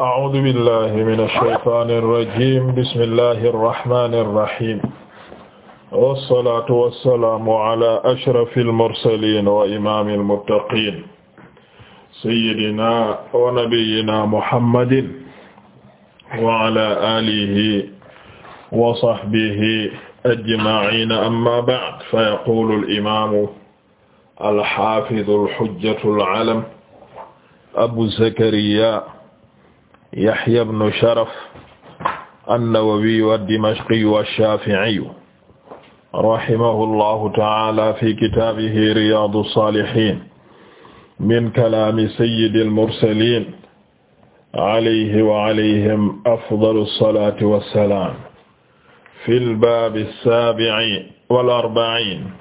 a'uudu billahi mina shaytaani rajiim bismillahi rahmaani rahiim. wassalaatu wassalaamu ala ashrafil mursaliin wa imaamil muttaqiin. sayyidinaa wa nabiyyinaa muhammadin. wa ala aalihi wa sahbihi ajma'iina amma ba'd fa yaquulu al-imaamu al-haafidu al-hujjatu al-alam abu zakariyaa Yahya ibn Sharaf an-Nawawiyu ad-Dimashqiyu ash-Shafi'iyu rahimahullahu ta'ala fi kitaabihi Riyaadu s-Saalihiin min kalaami sayyidil mursaliin alayhi wa alayhim afdalu s-salaati wa s-salaam fil baabi s-saabi'i wal arba'iin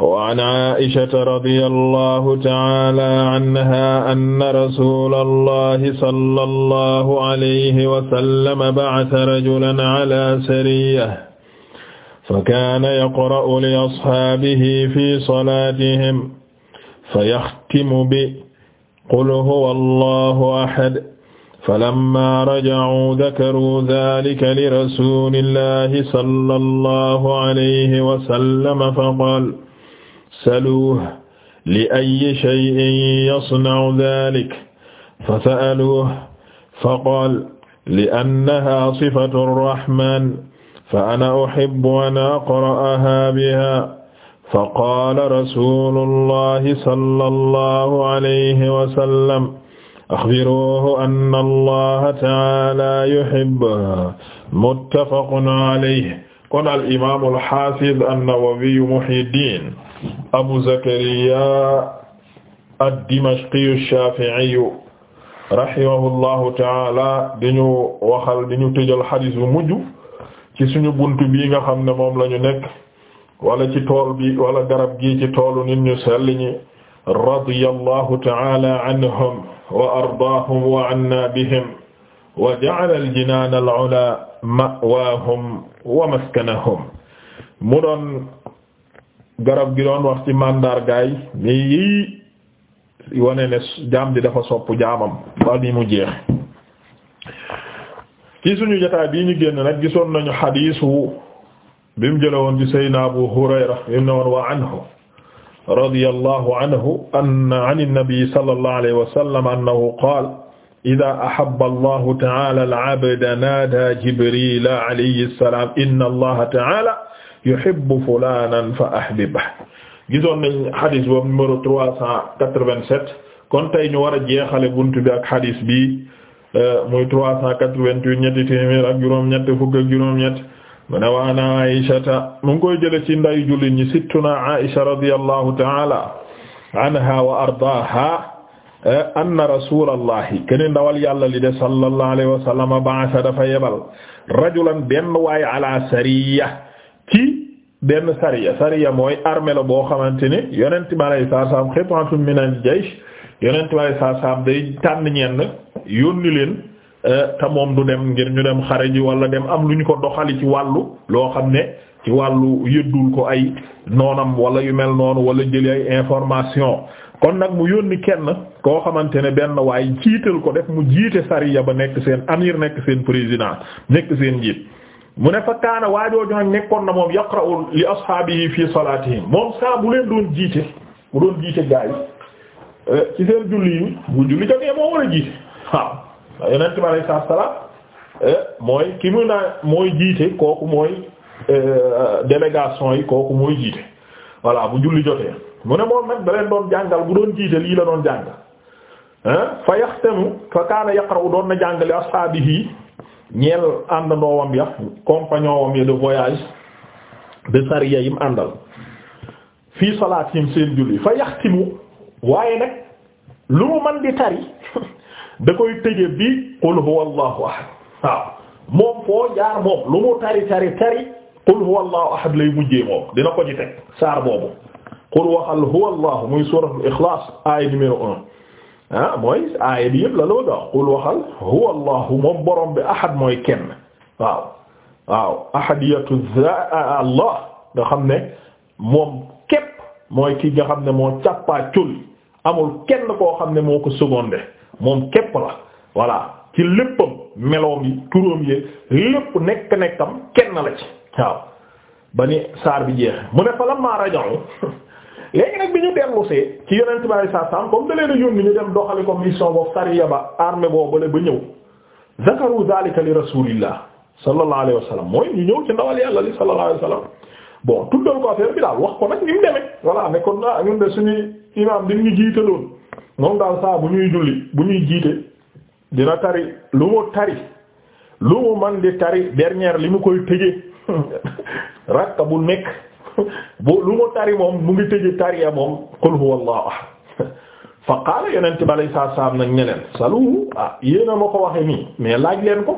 wa an aishata radi allahu taala aanha ann rasula allahi sala allahu alayhi wasallama bacata rajulan ala sariya fa kaana yaqra'u li asxaabihi fi salaatihim fa yaxtimu bi qul huwa allahu ahad falamma rajacuu dakaruu daalika li rasuulillahi sala allahu alayhi wasallama faqaal saluuhu li ayyi shay'in yasna'u dhaalika fasa'aluuhu faqaala li'annahaa sifatu ar-rahmaan fa ana uhibbu an aqra'ahaa bihaa faqaala rasuulullaahi sallallahu alayhi wa sallam axbiruuhu anna Allaaha ta'aalaa yuhibbuhaa muttafaqun alayhi kon al imaamul haafiz an-Nawawi Muhyiddin abu zakariya ad-dimashqiyu ash-shafi'iyu rahimahullahu taala di ñu waxal di ñu tëjal xadis bu mujj ci suñu buntu bii nga xam ne moom la ñu nekk wala ci tool bi wala garab gii ci toolu nit ñu sell ñi radiyallahu taala anhum wa ardaahum wa anna bihim wa ja'ala al-jinaan al-'ulaa ma'waahum wa maskanahum mu doon garab gi doon wax ci màndargaay mi yii wane ne jaam di dafa sopp jaamam ba mu jeex ci suñu jotaay bii ñu génn nag gisoon nañu xadiisu bi mu jële woon ci saydna abu hurayra bi mu ne woon wa anhu an an an-nabi sallallahu alayhi wa sallam annahu qaala idaa ta'ala al-'abda naadaa jibriila alayhi salaam inna allaha ta'ala yuhibbu fulanan fa ahbibah gisoon nañ xadis boobu numéro trois cent quatre-vingt-sept kon tey ñu war a jeexale buntu bi ak xadis bi euh, muy trois cent quatre-vingt-huit ñetti téeméer ak juróom-ñett fukk ak juróom-ñett mu ne wa ana Aysata mu ngi koy jële ci nday jullit ñi sittuna Aysha radiyallahu ta'ala anha wa ardaaha euh, anna rasulallahi kene ndawal yàlla li de sallallahu alayhi wa sallam ba'atha dafa yebal rajulan benn waay ala sariya benn sariya sariya mooy armée la boo xamante ne yonent ma lay saa saam xit'atun min al-jaysh yonent ma lay saa saam day tànn ñenn yónni leen euh, te moom du dem ngir ñu dem xare ji wala dem am lu ñu ko doxali ci wàllu loo xam ne ci wàllu yëddul ko ay noonam wala yu mel noonu wala jëli ay information kon nag mu yónni kenn koo xamante ne benn waaye jiital ko def mu jiite sariya ba nekk seen amir nekk seen président nekk seen njiit mu ne fa kaana waajooju nag nekkoon na moom yaqra'u li ashaabihi fi salaatihim moom saa bu leen doon jiite bu doon jiite gaa yi eh, ci seen julli yi bu julli jotee moo war a jiite waaw yonent bi alayhi salaatu eh, mooy ki mu naa mooy jiite kooku mooy eh, délégation yi kooku mooy jiite voilà bu julli jotee mu ne moom nag da leen doon jàngal bu doon jiite lii la doon jàng fa yaxtanu fa kaana yaqra'u doon na jàng li ashaabihi ñeel àndandoowam ya compagnon wam ya voyage de sariya yim àndal fii salaatihim seen julli fa yaxtimu waaye nag lu mu man di tari da koy tëje bi qul huwa allahu ahad waaw moom foo jaar moom lu mu tari tari tari qul huwa allahu ahad lay mujjee moom dina ko ci teg saar boobu qul waxal huwa allahu muy suuratul ikhlaas aaya numéro un ah mooy aaya bi yëpp la loo doon qul waxal huwa allahu moom borom bi ahad mooy kenn waaw waaw ahadiyatu allah nga xam ne moom képp mooy ki nga xam ne moo càppaa cul amul kenn koo xam ne moo ko secondé moom képp la voilà ci léppam meloom yi turóom yi lépp nekk nekkam kenn la ci waaw ba ni saar bi jeex mu ne fa lamma raja'u léegi nag bi ñu dellusee ci yonent bi alayhi salaam comme da leen a ñu dem doxali ko mission boobu sariya ba armée boobu ba ñëw zakaru zalika li rasulillah sallallahu alayhi wa sallam mooy ñu ñëw ci ndawal yàlla li sallallahu alayhi wa sallam tuddal ko affaire bi daal wax ko nag ni mu demee voilà ne kon ah ñun de suñuy imaam dañ ñu jiitaloon moom daal saa bu ñuy julli bu ñuy jiite dina tari lu mu tari lu mu man di tari dernière li mu koy tëjee rakka bu lu mu tari moom mu ngi tëj tariya moom qul huwa allahu ahad fa qaala yonent bi alayhi salaatu salaam nag leen saluhu ah yéena ma ko waxee nii mais laaj leen ko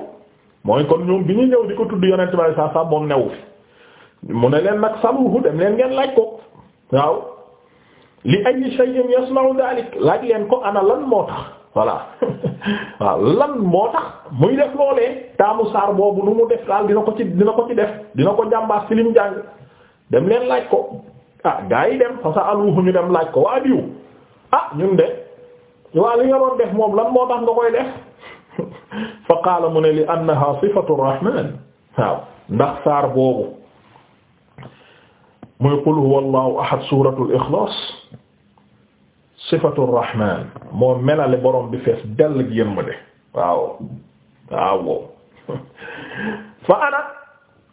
mooy kon ñoom bi ñu ñëw di ko tudd yonent bi alayhi salaatu salaam moom newu fi mu ne leen nag saluhu dem leen ngeen laaj ko waaw li ay shay'in yasna'u dalik laaj leen ko ana lan moo tax voilà waaw lan moo tax muy def loolee taamu saar boobu nu mu def daal dina ko ci dina ko ci def dina ko jàmbaas ci dem leen laaj ko ah gaa yi dem fa sa aluuhu ñu dem laaj ko waa diw ah ñun de waa li nga doon def moom lan moo tax nga koy fa qaala mu ne li annaha sifatu rahman waaw ndax saar boobu muy qul huwa allahu ahad suratul ixlaas sifatu rahman moo melale borom bi fees dell ak yërmande waaw waaw fa ana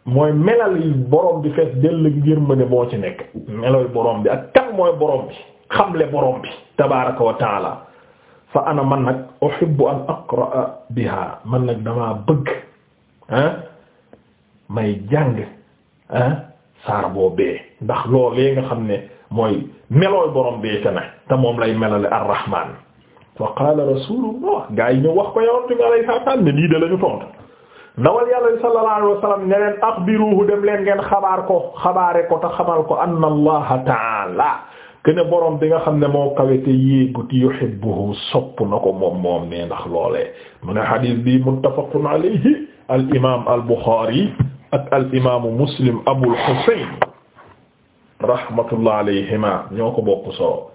mooy melal yi borom bi fees dell ngir mëne boo ci nekk melooy borom bi ak kan mooy borom bi xamle borom bi tabaaraka wa taala fa ana man nag uhibbu an aqraa biha man nag damaa bëgg may jàng ah saar boo bee ndax loolee nga xam ne mooy melooy borom bee ca te moom lay melale ar-rahmaan fa qaala rasuulullah gaa yi ñu wax ko yowante bi alayhi salaam ne de lañu tontu ndawal yàlla sallallahu alayhi wa sallam ne leen axbiruhu dem leen ngeen xabaar ko xabaare ko te xamal ko anna allaha taala kene boroom bi nga xam ne moo kawete yéeguti yuhibbuhu sopp na ko moom moom ne ndax loole mu ne xadis bi muttafaqun alayhi al imam ak al imaamu muslim abul husayn rahmatullah alayhima ñoo ko bokk solo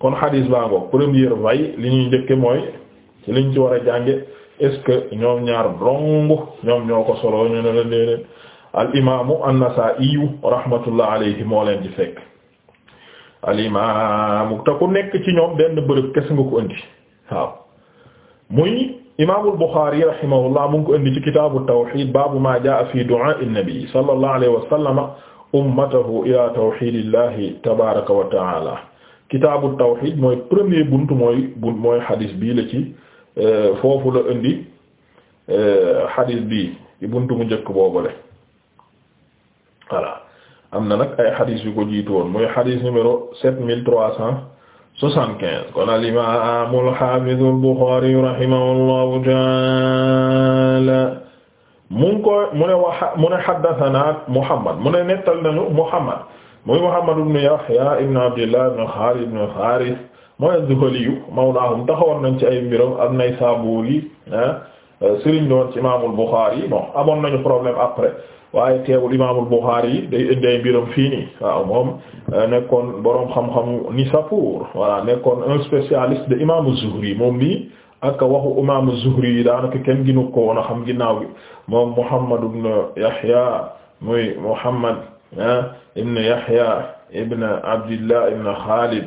kon xadis baa ngo première way li ñuy njëkke mooy ci liñ ci war a est-ce que ñoom ñaar dong ñoom ñoo ko solo ñu ne la déedéet al imaamu an-Nasaa'i rahmatullah alayhi moo leen di fekk al imaamu te nekk ci ñoom benn bërëb kese nga ko indi waaw muy imaamul Buxaari rahimahullah mu ngi ko indi ci kitaabu tawhiid baabu maa jaa'a fi du'aa'i an-nabi sallallahu alayhi wa ummatahu ila tawhiidillahi tabaaraka wa ta'aala kitaabu tawhiid mooy premier buntu mooy buntu mooy hadis bii la ci. Euh, foofu la indi euh, xadis bi ci buntu mu njëkk boobule voilà am na nag ay xadis yu ko jiitu woon muy xadis numéro mille trois cent soixante-quinze kon al imaam al xaafiz al Buxaari rahimahullahu taala mu ngi ko mu Muhammad mu ne nettal nañu Muhammad muy Muhammad ibn Yahya ibn Abdillah ibn Xaalid ibn Xaaris mooy az-Zuhaliyu mawlaahum taxawoon nañ ci ay mbiram am nay Naysaabuuri ah, sëriñ doon ci imaamul Buxaari yi bon amoon nañu problème après waaye teewul imaamul Buxaari yi day indi ay mbiram fii moom eh, nekkoon boroom xam-xamu Nisapur voilà nekkoon un spécialiste de imaamu Zuhri moom nii ak waxu imaamu Zuhri yi daanaka kenn ginu ko woon a xam ginnaaw gi moom Muhammad ibn Yahya muy Muhammad ah, ibn Yahya ibn Abdillah ibn Khalid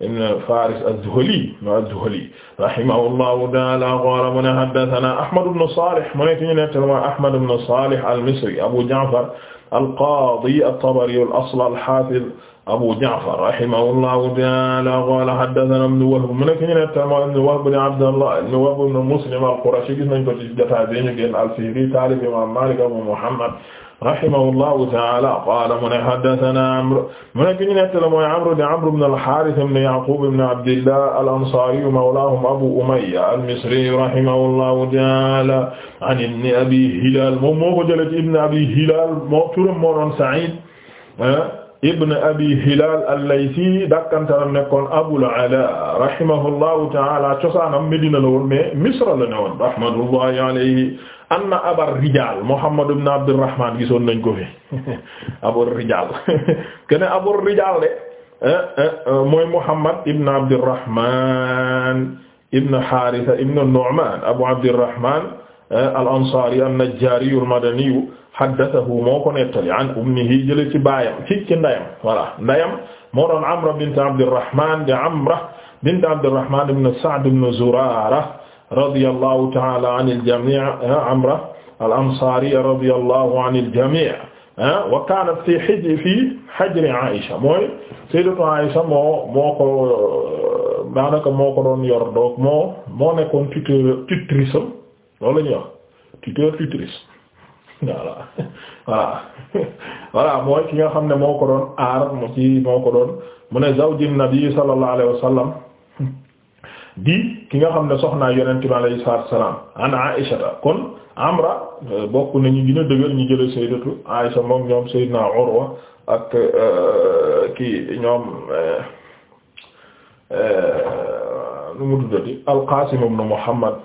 ibn Faris az-Zuhli no az-Zuhli rahimahullahu ta'ala qala mu ne haddathana Ahmad ibn Salih mu ne ñu nettali ma Ahmad ibn Salih al-Misri Abu Ja'far al-Qadi at-Tabari al-asl al-hafiz Abu Ja'far rahimahullahu ta'ala qala haddathana ibn Wahb mu ne ñu nettali ma ibn Wahb ibn Abdullah ibn Wahb ibn Muslim al-Qurashi gis nañ ko ci jotaay bi ñu génn al-Fihri talib Imam Malik Abu Muhammad rahimahullahu ta'ala qaala mu ne haddathana Amr mu ne ki ñu nettali mooy Amr di Amr ibn al-Harith ibn Ya'qub ibn Abdillah al-Ansari mawlahum Abu Umayya al-Misri rahimahullahu ta'ala an ibn Abi Hilal moom moo ko jëlee ci ibn Abi Hilal moo turam moo doon Sa'id ah, ibn Abi Hilal al-Laythi dakkantaram nekkoon Abul Ala rahimahullahu ta'ala cosaanam Medina la woon mais Misra la ne woon rahmatullahi alayhi anna abar rijal Muhammad ibn Abdurrahman gisoon nañ ko fi abar rijal kene abar rijal de eh, eh, eh, mooy Muhammad ibn Abdurrahman ibn Haritha ibn Nu'man Abu Abdurrahman al-Ansari an-Najjari al-Madani haddathahu moo ko nettali an ummihi jële ci baayam ci ci ndeyam voilà ndeyam moo doon Amra bint Abdurrahman di Amra bint Abdurrahman ibn Sa'd ibn Zurara radiyallahu ta'ala anil jami' ah, amra al ansari radiyallahu anil jami' ah, wa kaanat fi hijri fi hajri Aïcha mooy sayyidatu Aïcha moo moo ko daanaka moo ko doon yor donc moo moo nekkoon tuteur tutrice am loolu la ñuy wax tuteur tutrice voilà voilà voilà mooy ki nga xam ne moo ko doon aar mu ci moo ko doon mu ne zawjin nabi sallallahu alayhi wa sallam di ki nga xam ne soxna yonent bi alayhi salaatu wa salaam an Aïshata kon Amra euh, bokk nañu gën a dëgër ñu jële sayyidatu Aïsha moom ñoom sayyidna Urwa ak euh, kii ñoom euh, nu mu tuddati al-Qaasim ibn mu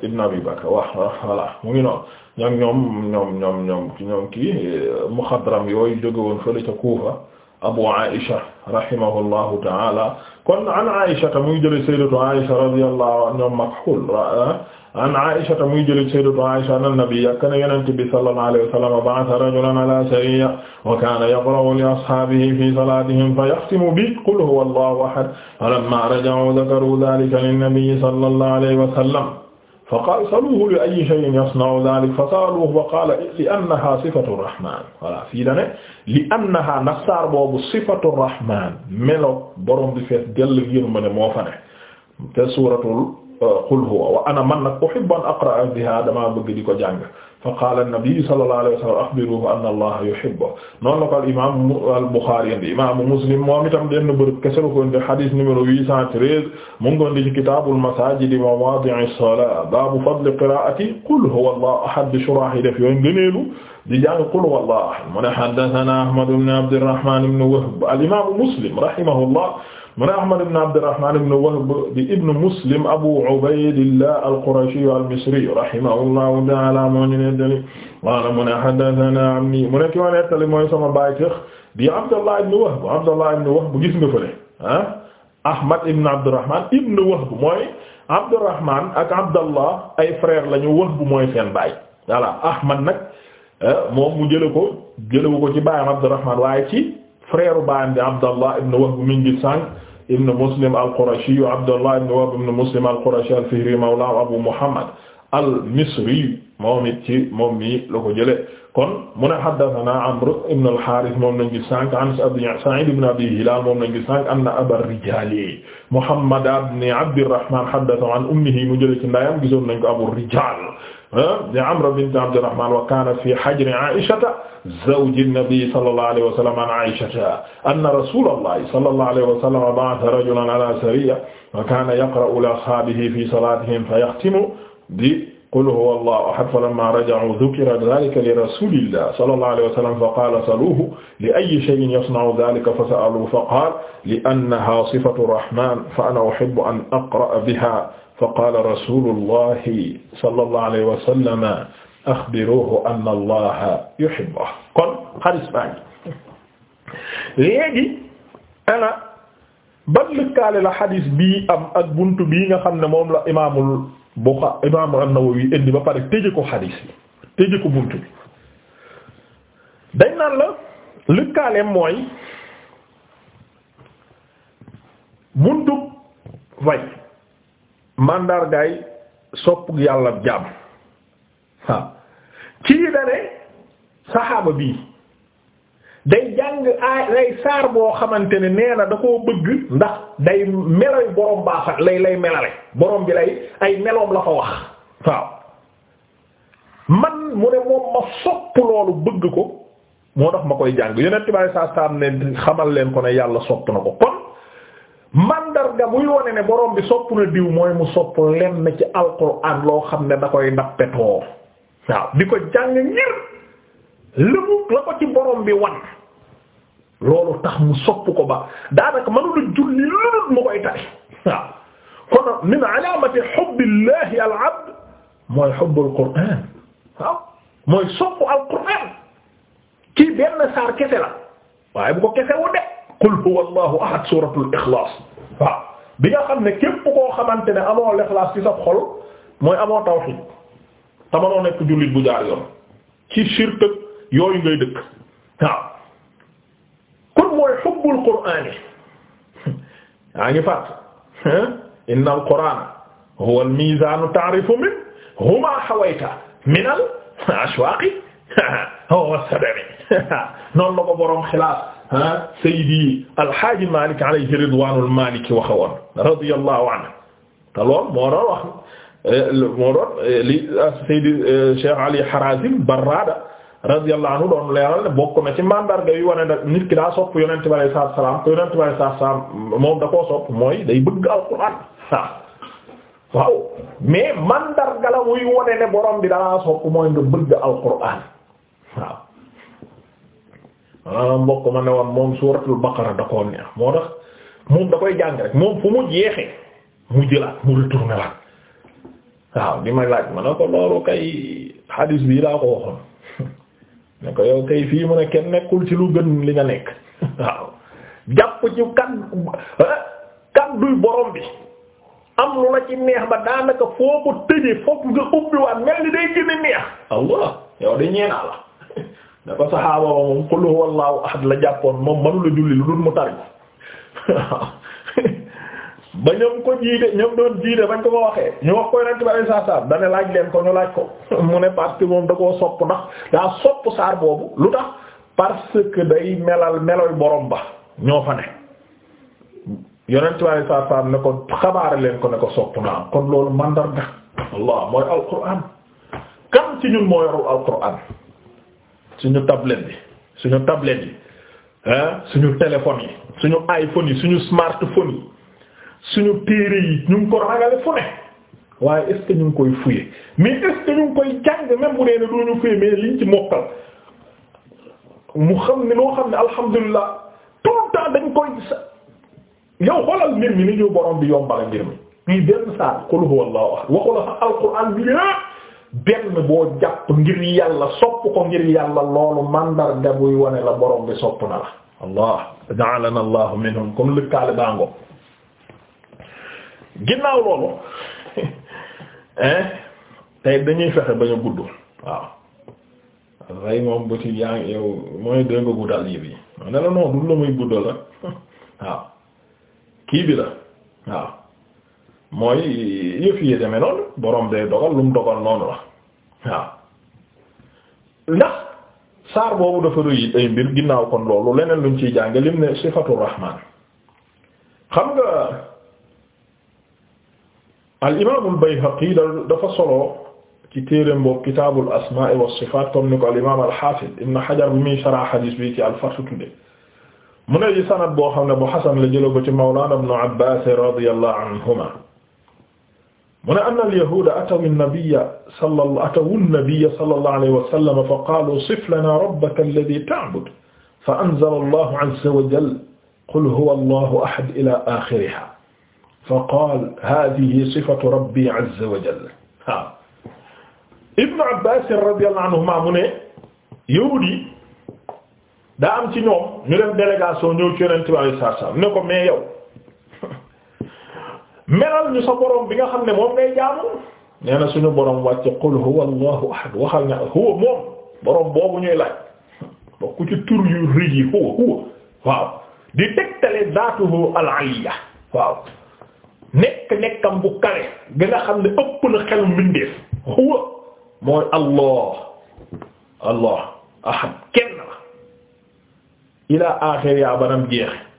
ibn Abi Bakr voilà mu ngi noonu ñoom ñoom ñoom ñoom ñoom ñoom kii muxadram yooyu jóge woon fële ca Kuufa Abu Aïsha rahimahullahu ta'ala kon an Aïsata muy jële sayyidatu Aïsa radiyallahu anha makhul ah, an Aïsata muy jële sayyidatu Aïsa anna nabiyya kana yonent bi sallallahu alayhi wa sallam ba'atha rajulan ala sariyya wa kana yaqra'u li ashabihi fi salatihim fa yaxtimu bi qul huwa allahu ahad falamma raja'u dhakaru dhalika lin-nabiyyi sallallahu alayhi wa sallam fa qaal saluuhu li ayyi shay'in yasna'u dhaalika fa saaluuhu fa qaala li annahaa sifatu rahmaan voilà fii da ne li annahaa ndax saar boobu sifatu rahmaan melo borom bi fees dellu yërmande moo fa ne te suuratul euh, qul huwa wa ana man nag uhibbu an aqra'a bihaa damaa bëgg di ko jàng. fa qaala an-nabi sallallahu alayhi wa sallam axbiruhu anna allaha yuhibbuhu noonu la ko al imaam al-Buxaari indi imaamu Muslim moom itam benn bërëb kese la ko indi hadith numéro 813 mu ngi doon di ci kitaabul masaajidi wa mawaadi'i s-salaat baabu fadli qiraa'ati qul huwa allahu ahad shuraax yi def yooyu ngëneelu di jàng qul huwa allahu ahad mu ne haddathanaa Ahmad ibn Abdirrahmaan ibn Wahb al imaamu Muslim rahimahullah mu ne Ahmad ibn Abdurrahman ibn Wahb di ibn Muslim Abu Ubaydillah al-Qurashi al-Misri rahimahullahu ta'ala moo ñu ne dali wala mu ne haddathana ammi mu ne ki ma nettali mooy sama baay tëx di Abdullah ibn Wahb Abdullah ibn Wahb gis nga fële ah Ahmad ibn Abdurrahman ibn Wahb mooy Abdurrahman ak Abdallah ay frère lañu Wahb mooy seen baay voilà Ahmad nag eh, moom mu jële ko jëlewu ko ci baayam Abdurrahman waaye ci frère baayam di Abdallah ibn Wahb min gi sànq ibn Muslim al-Qurashi Abdallah ibn Wahb ibn Muslim al-Qurashi al-Fihri mawla Abu Muhammad al-Misri moom it ci moom mi la ko jëlee kon mu ne haddathana Amr ibn al-Harith moom lañ gis sànq an Sa'id ibn Abi Hilal moom lañ gis sànq anna Aba Rijal Muhammad ibn Abd al-Rahman haddathahu an ummihi mu jëlee ci ndeyam gisoon nañ ko Abu Rijal di Amra bint Abdurrahman wa kaana fi hajri Aïshata zawji nabi sallallahu alayhi wa sallam an Aïshata anna rasulallahi sallallahu alayhi wa sallam ba'atha rajulan ala sariyya wa kaana yaqra'u li ashaabihi fi salaatihim fa yaxtimu bi qul huwa allahu ahad falamma raja'u dhukira dhalika li rasulillah sallallahu alayhi wa sallam fa qaala saluuhu li ayyi shay'in yasna'u dhalika fa sa'aluuhu fa qaala li annaha sifatu rahmaan fa ana uhibbu an aqra'a biha faqaala rasuulullahi sallallahu alayhi wa sallam axbiruuhu anna allaha yuhibbuhu kon xadis baa ngi léegi ana ban lëkkaale la xadis bii am ak buntu bii nga xam ne moom la imaamul Buxaari imaamul An-Nawawi indi ba pare tëje ko xadis bi tëje ko buntu bi dañ naan la lëkkaaleem mooy buntu way mandargaay sopp yàlla jaam waaw kii da ne saxaaba bii day jàng aay lay saar boo xamante ne nee na da koo bëgg ndax day meloy borom baax lay lay melale borom bi lay ay meloom la fa wax waaw man mu ne moom ma sopp loolu bëgg ko moo tax ma koy jàng yonent bi sallallahu alayhi wasallam ne xamal leen ko ne yàlla sopp na ko kon mandarga muy wone ne borom bi soppu na diw mooy mu sopp lenn ci alquran loo xam ne da koy nappetoo waaw di ko jàng ngir lëmu la ko ci borom bi wan loolu tax mu sopp ko ba daanaka mënula julli lënut mu koy tari waaw kon min alaamati hubbillahi al abd mooy hubbul qur'an waaw mooy sopp alquran kii benn saar kese la waaye bu ko kese de qul huwa allahu ahad suratul ixlaas waaw bi nga xam ne képp koo xamante ne amoo lixlaas ci sa xol mooy amoo tawhid tamanoo nekk jullit bu jaar yoon ci shirk yooyu ngay dëkk waaw kon mooy xubbul qur'aan yaa ngi fàtt inna al qur'aan huwa al miizaan ta'rifu min huma hawayta min al ashwaaqi wa sadami noonu la ko boroom xilaas ah Seydi Alhaaji Malik alayhi ridwaanul Maliki waxoon radiyallahu anhu te loolu moo doon wax moo doon li Seydi Cheikh Ali Harazim Barrada radiyallahu anhu doon leeral ne bokk na ci mandarga yu wane nag nit ki daa sopp Yonent bi alayhi salaatu wa salaam te Yonent bi alayhi salaatu wa salaam moom da koo sopp mooy day bëgg Alxuraan waaw mais mandarga la muy wane ne borom bi daa sopp mooy nga bëgg Alxuraan waaw. Ah, mbokk ma ne woon moom suuratul baqara da koo neex moo tax moom da koy jàng rek moom fu mu jeexee mu jëlaat mu retourné waat waaw di ma laaj ma ne ko loolu kay hadis bii laa ko waxoon ne ko yow kay fii mu ne kenn nekkul ci lu gën li nga nekk waaw jàpp ci kan ah, kan duy borom bi am lu la ci neex ba daanaka foo ko tëjee fokk nga ubbi waat mel ni day gën a neex allah yow de ñeenaa la da ko saxaaba ba moom qul huwallahu ahad la jàppoon moom mënu la julli lu dul mu tari ba ñoom ko jiite ñoom doon jiite bañ ko ko waxee ñu wax ko yonent bi saa saar dane laaj leen ko ñu laaj ko mu ne parce que moom da koo sopp ndax daa sopp saar boobu lu tax parce que day melal meloy borom ba ñoo fa ne yonent bi saa saar ne ko xabaare leen ko ne ko sopp naa kon loolu mandarga Allah mooy alquran kam ci ñun moo yorul alquran suñu tablette bi suñu tablette yi ah suñu téléphone yi suñu iPhone yi suñu smartphone yi suñu téere yi ñu ko ragale fu ne waaye est-ce que ñu ngi koy fouiller mais est-ce que ñu koy jàng même bu dee ne doo ñu fouiller mais liñ ci mokkal mu xam ne loo xam ne alhamdulilah tout le temps dañ koy yow xoolal mbir mi ni ñu borom bi yombal mbir mi. muy benn saar qul huwallahu ahad waxu la fa alquran bi benn boo jàpp ngir yàlla sopp ko ngir yàlla loolu mandarga buy wane la borom bi sopp na la allah ja'alana allah minhum comme lëkkaale baango ginnaaw loolu tey dañuy fexe ba a gudd waaw rey moom bu ci yaa yow mooy dégg guddal yi bi ne la non du la muy la waaw kii bi la waaw mooy yëf yi demee noonu borom day dogal lu mu dogal noonu la waaw saar boobu dafa rëy ay mbir ginnaaw kon loolu leneen luñ ciy jàng lim ne sifatu rahmaan xam nga al imaamul bayhaqi dafa solo ci téereem boobu kitaabul asmaa wa sifaat comme ni ko al imaam al xaafid xajar bi muy sarah xadiis bi ci al fath tudde mu ne yi sanad boo xam ne bu xasan la jëloo ko ci mawlaana ibn abbaas radiyallahu anhuma mu ne anna al-yahuuda atawu an-nabiyya sallallahu atawu an-nabiyya sallallahu alayhi wa sallam fa qaaluu sif lanaa rabbaka alladhii ta'budu fa anzala allahu azza wa jalla qul huwa allahu ahad ilaa aaxirihaa fa qaala haadhihi sifatu rabbii azza wa jalla. Ibnu Abbaas radiyallahu anhumaa mu ne yahuud yi daa am ci ñoom ñu def délégation ñëw ci Yonent bi sallallahu alayhi wa sallam ne ko mais yow. melal ñu sa borom bi nga xam ne moom ngay jaamu nee na suñu borom wàcc qul huwa allahu ahad waxal na huwa moom borom boobu ñuy laaj bokku ci tur yu rëy yi huwa di tegtale zaatuhu al-aliyya waaw nekk nekkam bu kare bi nga xam ne ëpp na xel mbindeef huwa mooy allah allah ahad kenn la ila axir yaa banam jeex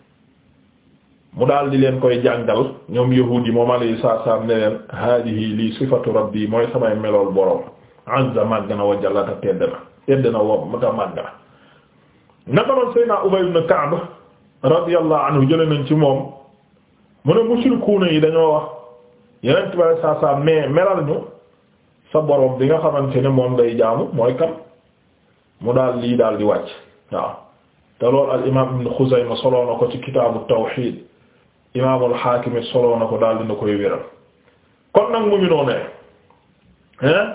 mu daal di leen koy jàngal ñoom yahuud yi moom alayhi salaam ne leen haadihi lii sifatu rabbi mooy samay melool borom azza màgg na wa jalla ta tedd na tedd na wa ta màgg na naka noon Seydina Ubay ibn Ka'b radiyallahu anhu jële ci moom mu ne mushrikuuna yi dañoo wax yeneen tubaab saa saa melal ñu sa borom bi nga xamante ne moom day jaamu mooy kan mu daal lii daal di wàcc waaw te loolu al imaam ibn Xuzayma solo ko ci kitaabu tawxiid imaamul Haakim solo na ko daal dina koy wéral kon nag mu ngi noonu hein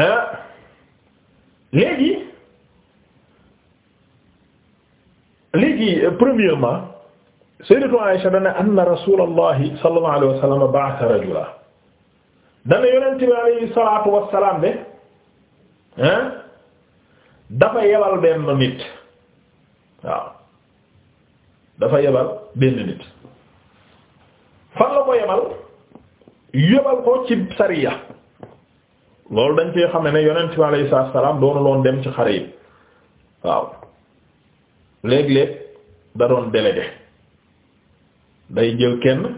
hein léegi léegi premièrement sayyidatu Aisha dana anna rasulallahi sallallahu alayhi wa sallam ba'atha rajulan dana yonent bi alayhi salaatu wassalaam de hein dafa yebal benn nit waaw dafa yebal benn nit fan la ko yebal yebal ko ci sariya loolu dañ koy xam ne yonent bi alayhi salaam doonu loon dem ci xare yi waaw léeg-léeg da doon délégué day jël kenn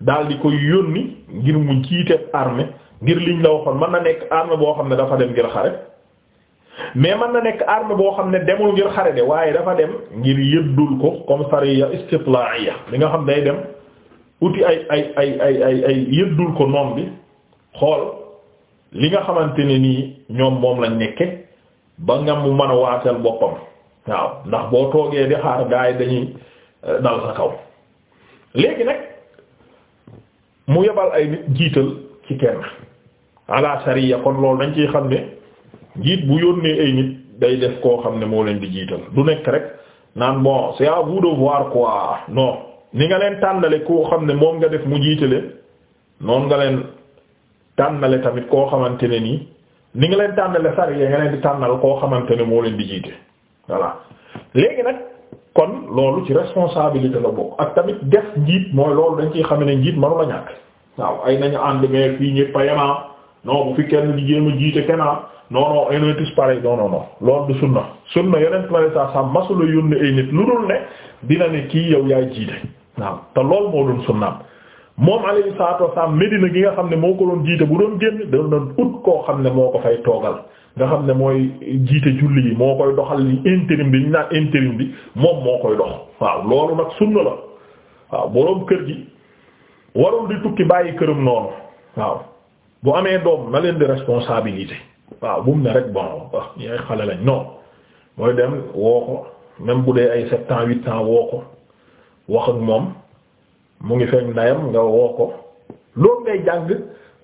daal di koy yónni ngir mu jiite armée ngir liñ la waxoon man na nekk armée boo xam ne dafa dem ngir xare mais mën na nekk arme boo xam ne demul ngir xare de waaye dafa dem ngir yëddul ko comme sariya istitla'iya li nga xam day dem uti ay ay ay ay ay yëddul ko noon bi xool li nga xamante ni nii ñoom moom lañ nekke ba nga mu mën a waateel boppam waaw ndax boo toogee di xaar gaay dañuy eh, dal sa kaw léegi nag mu yebal ay nit jiital ci kenn ala sariya kon loolu dañ ciy xam ne jiit bu yónnee ay nit day def koo xam ne moo leen di jiital du nekk rek naan bon c'est à vous de voir quoi non ni nga leen tànnale koo xam ne moom nga def mu jiitale noonu nga leen tànnale tamit koo xamante ne nii ni nga leen tànnale sariya nga leen di tànnal koo xamante ne moo leen di jiite voilà léegi nag kon loolu ci responsabilité la bokk ak tamit def njiit mooy loolu dañ ciy xam ne ma mënu la ñàkk waaw ay nañu ànd mais fii ñëpp a yemaa non bu fi kenn di jéem jiite kenaa non non élotis pareil non non non loolu du sunna sunna yeneen ma ne saa saa masula yónni ay nit lu dul ne dina ne kii yow yaay jiite waaw te loolu moo doon sunnaam moom alayhi salaatu wasalaam Medina gi nga xam ne moo ko loon jiite bu doon génn doon doon ut koo xam ne moo ko fay toogal nga xam ne mooy jiite julli yi moo koy doxal li intérim bi ñu naan intérim bi moom moo koy dox waaw loolu nag sunna la waaw boroom kër gi warul di tukki bàyyi këram noonu waaw amee doom na leen di responsabilité waaw bu na ne rek bon wax ñi xale lañ non mooy dem woo ko même bu dee ay sept ans huit ans woo ko wax ak moom mu ngi fekk ndayam nga woo ko loolu ngay jàng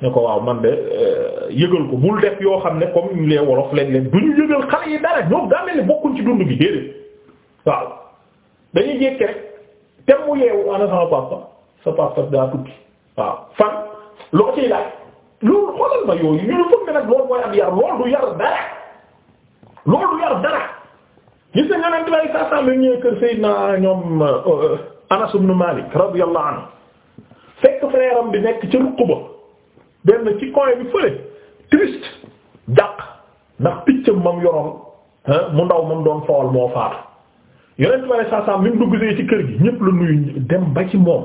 ne ko waaw man de euh, yëgal ko bul def yoo xam ne comme ñu lee wolof leen leen du ñu yëgal xale yi dara ñoo gàmmee ne bokkuñ ci dund bi déedéet waaw dañuy jékki rek te mu yeewu ana sama papa sa papa daa tukki waaw fan loo ciy laaj loolu xoolal ma yooyu ñu foog ne nag loolu mooy am yar loolu du yar dara loolu du yar dara gis nga ñoom euh, Anas ibn Malik radiyallahu anhu fekk frère bi nekk ci ruq ba benn ci coin bi fële triste jàq ndax piccam mam yoroon mu ndaw mam doon fool moo faatu yonent bale saasaam mi mu dugg see ci kër gi ñépp la nuyu dem ba ci moom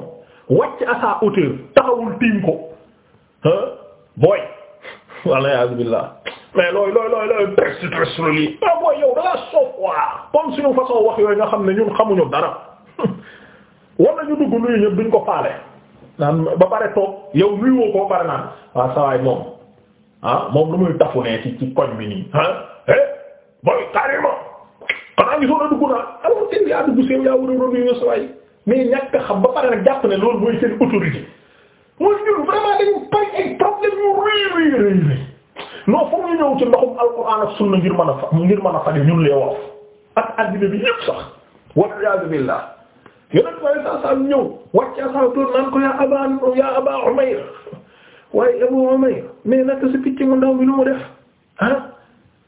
wàcc à sa taxawul tiim ko booy walla yaasu mais looy looy looy looy texte texte la lii ah booy yow da ngaa soof waa comme façon wax yooyu nga xam ne ñun xamuñu dara wala ñu dugg nuyu ñëpp duñ ko faale naan ba pare toog yow nuyu woo ko pare naan waa sawaay moom ah moom lu muy tafunee ci ci koñ bi nii ah eh booy carrément xanaa ngi soog a dugg naa alors que yaa dugg seen yaa war a nuyu sawaay mais ñàkk xam ba pare nag jàpp ne loolu mooy seen autorité. mooy ñun vraiment dañu bari ay problème yu rëy rëy rëy non foog ñëw ci ndoxum alquran ak sunna ngir mën a fa ngir mën a faj ñun lee wolof ak addina bi yépp sax waliyasu billah yonent bi alei sat salaam ñëw wàcca sa tour naan ko yaa aba ya aba umayr waaye abu umayr mais naka si picc mu ndaw mi lu mu def ah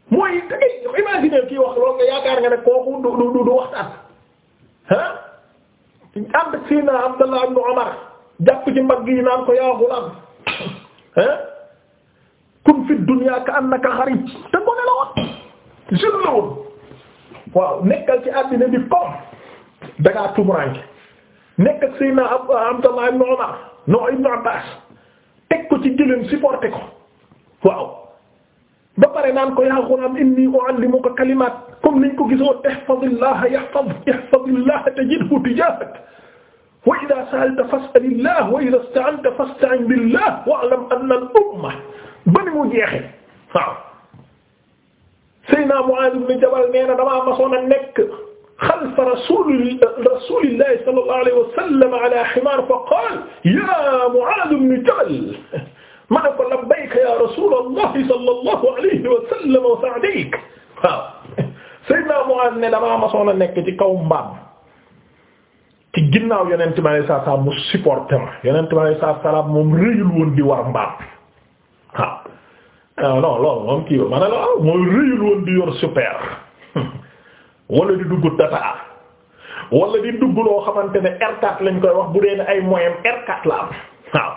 mooy da kii wax loolu nga yaakaar nga ne kooku du du du waxtaan ah ànd ak Seydina Abdallah ibn Umar jàpp ji mbagg yi naan ko yaa gulaam hein kun fi dunya ka annaka te gone la woon waaw nekkal ci àddina bi comme dangaa tumuranke nekk ak Seydina euh, Abdallah ibn no ibn Abbas teg ko ci gëléem supporté ko waaw ba pare naan ko yaa gulaam inni u'allimuka kalimaat comme niñ ko gisoo ihfazillah yahfazuk ihfazillah tajidhu tijahak wa idha sa'alta fas'alillah wa idha ista'anta fasta'in billah wa'lam anna al-umma ba ni mu jeexee waaw. Seydina Mu'aaz ibn Jabal nee na damaa masoon a nekk xalfa rasuli rasulillahi sallallahu alayhi wa sallam ala himaar fa qaala ya Mu'aaz ibn Jabal ma ne ko labbayka ya rasulallahi sallallahu alayhi wa sallam wa sa'dayk waaw Seydina Mu'aaz ne damaa masoon a nekk ci kaw mbaam ci ginnaaw yonent bi alayhi salaatu salaam mu supporté ma yonent bi alayhi salaatu salaam moom rëyul woon di war mbaam waaw ah, non loolu moom kii ma ne la ah, mooy rëyul woon di yor super wala di dugg tata wala di dugg loo xamante ne R4 lañ koy wax bu dee ne ay moyen R4 la am waaw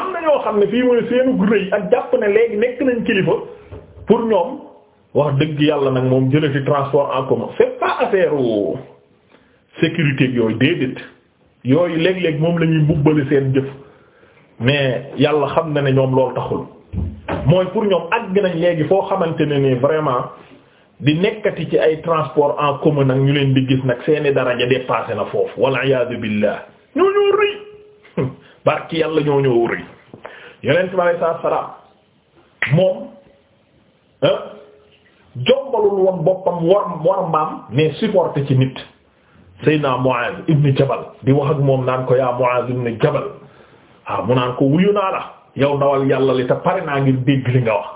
am na ñoo xam ne fii mooy seenu rëy ak jàpp ne léegi nekk nañ kilifa pour ñoom wax dëgg yàlla nag moom jële fi transport en commun c'est pas affaire sécurité yooyu déedéet yooyu léeg-léeg moom lañuy ñuy mbubbale seen jëf mais yàlla xam na ne ñoom loolu taxul mooy pour ñoom àgg nañ léegi foo xamante ne ni vraiment di nekkati ci ay transport en commun nag ñu leen di gis nag seeni daraja dépassé na foofu walla iyaadu billah ñoo ñoo rëy barki yàlla ñoo ñoo rëy yonent bi alayhi salaam moom ah, jombalul woon boppam war war mbaam mais supporté ci nit Seydina Muaz ibn Jabal di wax ak moom naan ko yaa Muaz ibn Jabal waaw ah, mu naan ko wuyu naa la yow ndawal yàlla li ta pare naa ngi dégg li nga wax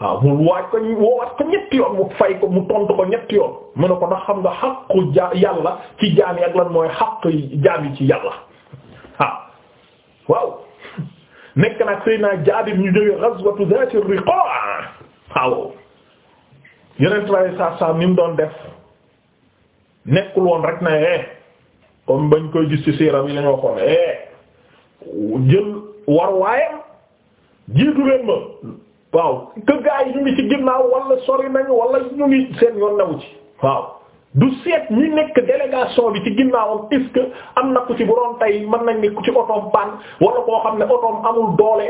waaw ah, mu waaj ko ñetti yoon mu fay ko mu tontu ko ñetti yoon mu ne ko ndax xam nga xaqu ja yàlla ci jaam ak lan mooy xaq jaam yi ci yàlla waaw nekk nag Seydina Jaabir ñu jógee ghazwatu Zaati Riqaa waaw yeneen traçais saa saa doon def. nekkul woon rek na eh comme bañ koy gis ci siiram yi la ñu waxoon eh, jël war waayam jiitu leen ma waaw que gars yi ñu ngi ci ginnaaw wala sori nañu wala ñu ngi seen yoon nawu ci waaw du seet ñi nekk délégation bi ci ginnaawam est-ce que am na ku ci bu doon tey mën nañ ne ci otoom pan wala koo xam ne otoom amul doole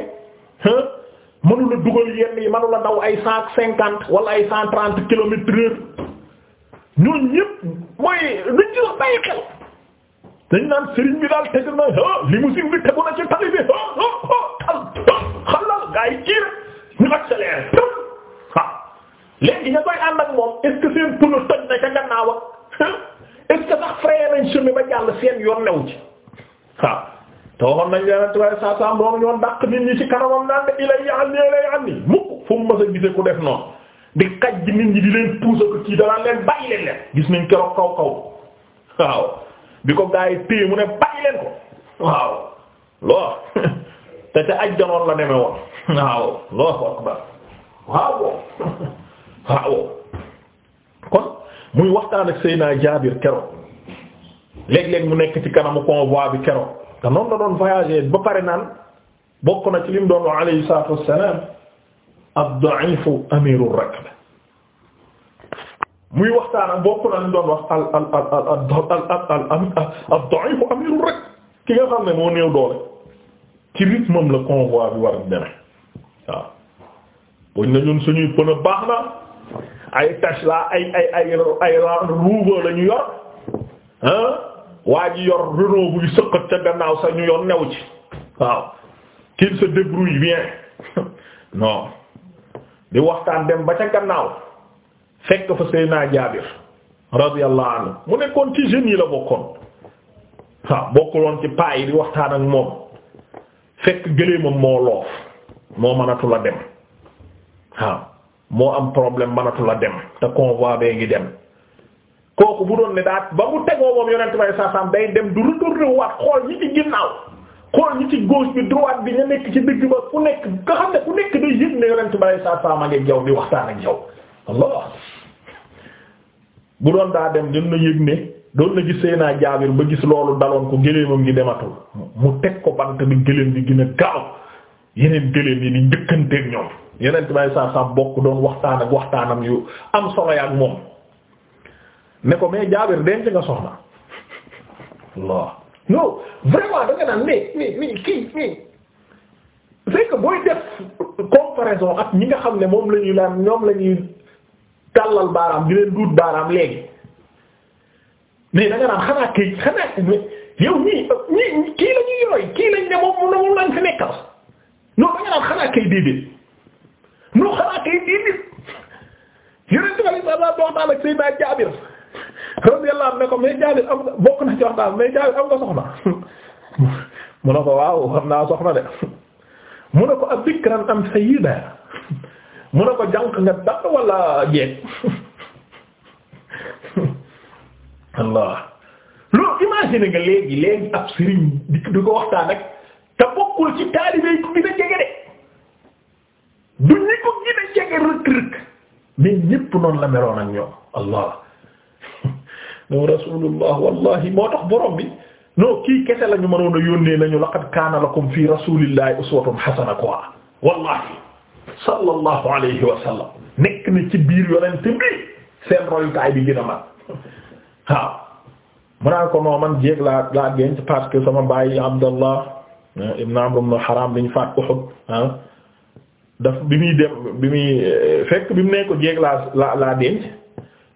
mënu la dugal yenn yi mënu la daw ay cent cinquante wala ay cent trente kilomètres heure ñépp mooy dañ ci doon bàyyi xel dañ naan sëriñ bi daal tegu na ah limousine bi tegu na ci tali bi ah ah ah xam naa gaa yi jiir ñu accéléré ah léegi ña koy moom est-ce que seen pneu toj na ca gannaaw est-ce que sax frayé nañ chemin ba jàll seen yoon new ci waaw te waxoon nañ leen tubaab saa saa mu doon yoon dàq nit ñi ci kanamam naan ne ilay yàlla nii lay yàlla nii mukk fu mu mës ku def noonu. di xaj nit ñi di leen puus kii danaan leen bàyyi leen leen gis nañ keroog kaw kaw waaw bi ko gaa yi mu ne bàyyi leen ko waaw lool te ca aj janoon la deme woon waaw Allahu akbar waaw waaw kon muy waxtaan ak Seydina Jaabir keroog léeg-léeg mu nekk ci kanamu convoi bi keroog te noonu la doon voyager ba pare naan bokk na ci lim doon wax alayhi salaatu wassalaam ad-da'ifu amiru rakb muy waxtaan bokk na ñu doon wax al al al al ad-da'ifu amiru rakb ki nga xam ne moo néew doole ci rythme am la convoi bi war a demee waaw buñ ne ñun suñuy pneu baax na ay tâche la ay ay ay ay rouba la ñu yor ah waa ji yor Renault buy sëqat ca gannaaw sax ñu yor new ci waaw qu'il se bien non. di waxtaan dem ba ca gannaaw fekk fa Seydina Jaabir radiyallahu anhu mu nekkoon ci jeunes yi la bokkoon waaw bokkuloon ci paa yi di waxtaan ak moom fekk gëléemam moo loof moo mënatu la dem waaw moo am problème mënatu la dem te convoi bee ngi dem kooku bu doon ne daal ba mu tegoo moom yonent bay saasaam day dem du retourner waat xool ñi ci ginnaaw xool ñi ci gauche bi droite bi ñu nekk ci digg ba ku nekk nga xam ne ku nekk day yëg ne doon daa dem dañ na yëg ne doon na gis naa Jaabir ba gis loolu daloon ko gëléemam gi dematul mu teg ko bant bi gëléem gi gën a gaaw yeneen gëléem yi di njëkkanteeg ñoom yeneen waxtaan ak yu am solo ne ko mais Jaabir denc nga soxna Allah non vraiment da nga naan mais kii mais c'est que def comparaison ak ñi nga xam ne moom la ñuy laan ñoom la ñuy tàllal baaraam di leen duut baaraam léegi mais da nga naan xanaa kii xanaa yow ñii kii la ñuy yooy kii lañ ne moom moom lañ fi nekkal xanaa kay déedéet non xanaa kay déedéet yeneen tamit daal laa doon daal ak Seydina radiyallahu anhu ne ko mais am bokk na ci wax daal mais am nga soxna mu ne ko waaw xam naa soxna de mu ne ko a bikran am sayyida mu ne ko jànq nga dara wala jeeg Allah loolu imagine nga léegi léegi ab sëriñ di ko waxtaan ak te bokkul ci taalibee ku gën a jege de du ñi ko gën a jege rëkk rëkk mais ñépp noonu la meloon ñoom Allah no rasulullah wallahi moo tax borom bi non kii kese la ñu mënoon yónnee nañu laqad kaana lakum fi rasulillahi uswatun hasana quoi wallahi sallallahu alayhi wa nekk na ci biir yonent bi seen royukaay bi gën a mat waaw mu naa ko noo man jéeg laa laa genc sama baay Abdallah eh, ibn Amr ibn Haram bi ñu faat Uhud daf bi muy dem bi muy eh, fekk bi mu nekk jéeg laa laa laa denc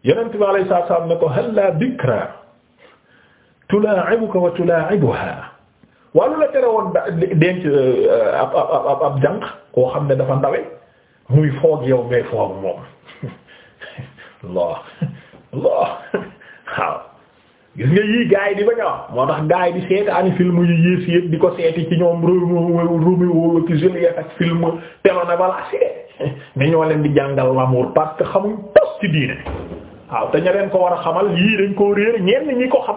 yonent bi alayhi salaatu salaam ne ko halla bikra tulaa'ibuka wa waa wàllu la tere woon denc euh, ab ab ab ab jànq koo xam ne dafa ndawe muy foog yow ngay foog moom Allah Allah waaw gis nga yii gaay di ba ñëw moo tax gaay di seetaani film yu yées yépp di ko seeti ci ñoom Roméo ak Juliette ak film télénovela si de ñoo leen di jàngal l'amour parce que xamuñ tos ci diine waaw te ña leen ko war a xamal yii dañ koo réer ñenn ñi ko xam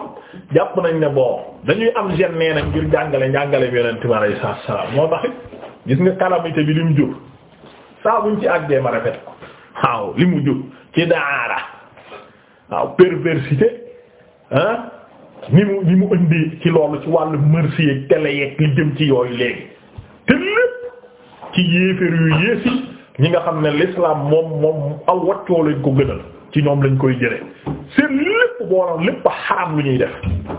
jàpp nañ ne boo dañuy am gene nee ngir jàngale jàngale bi yonent bi alayhi salaatu salaam nga calamité bi li mu jur saa ci àggee ma rafet ko waaw li mu jur ci daara waaw perversité ah ci loolu ci wàllu merci yeeg jëm ci yooyu léegi nga xam ne l'islam moom moom aw waccoo lañ ko gënal. ci ñoom lañ koy jëlee seen lépp booloon lépp xaram lu ñuy def